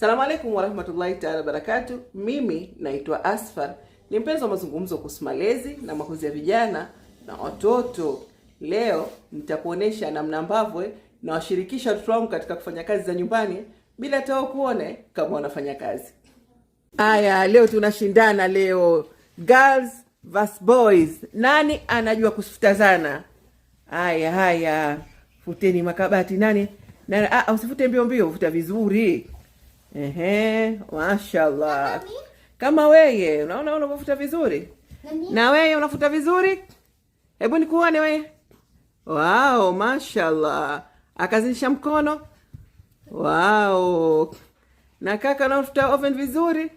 Salamu alaikum warahmatullahi taala barakatu. Mimi naitwa Asfar, ni mpenzi wa mazungumzo kuhusu malezi na makuzi ya vijana na watoto. Leo nitakuonesha namna ambavyo nawashirikisha watoto wangu katika kufanya kazi za nyumbani bila hata wao kuone kama wanafanya kazi. Aya, leo tunashindana leo, girls vs boys, nani anajua kufutazana? Aya, haya, futeni makabati. Nani na, ah, usifute mbio mbio, futa vizuri. Ehe, mashallah. Kama weye, unaona unavuta vizuri? Na weye unafuta vizuri? Hebu nikuone weye. Wow, mashallah. Akazinisha mkono. Wow. Na kaka unavuta oven vizuri?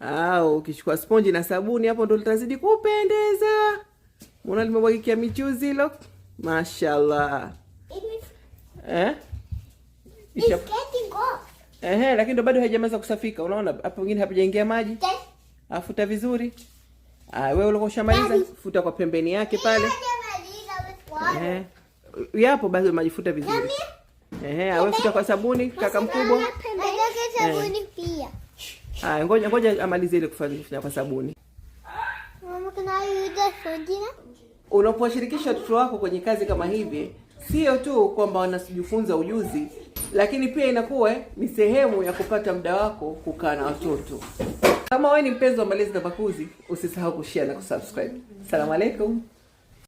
Au ukichukua sponji na sabuni hapo ndo litazidi kupendeza. Unaona limebwagikia michuzi hilo? Mashallah. Eh? It's getting Ehe, lakini ndo bado haijamaliza kusafika. Unaona hapo pengine hapajaingia maji. Afuta vizuri. Ah, wewe ulikuwa ushamaliza, futa kwa pembeni yake pale. Ehe. Yapo basi umajifuta vizuri. Ehe, awe futa kwa sabuni kaka mkubwa. Sabuni pia. Ah, ngoja ngoja amalize ile kufanya kwa sabuni. Mama kuna yuda sodina. Unaposhirikisha watoto wako kwenye kazi kama hivi, sio tu kwamba wanajifunza ujuzi lakini pia inakuwa eh, ni sehemu ya kupata muda wako kukaa na watoto. Kama wewe ni mpenzi wa malezi na makuzi, usisahau kushare na kusubscribe. Salamu alaikum.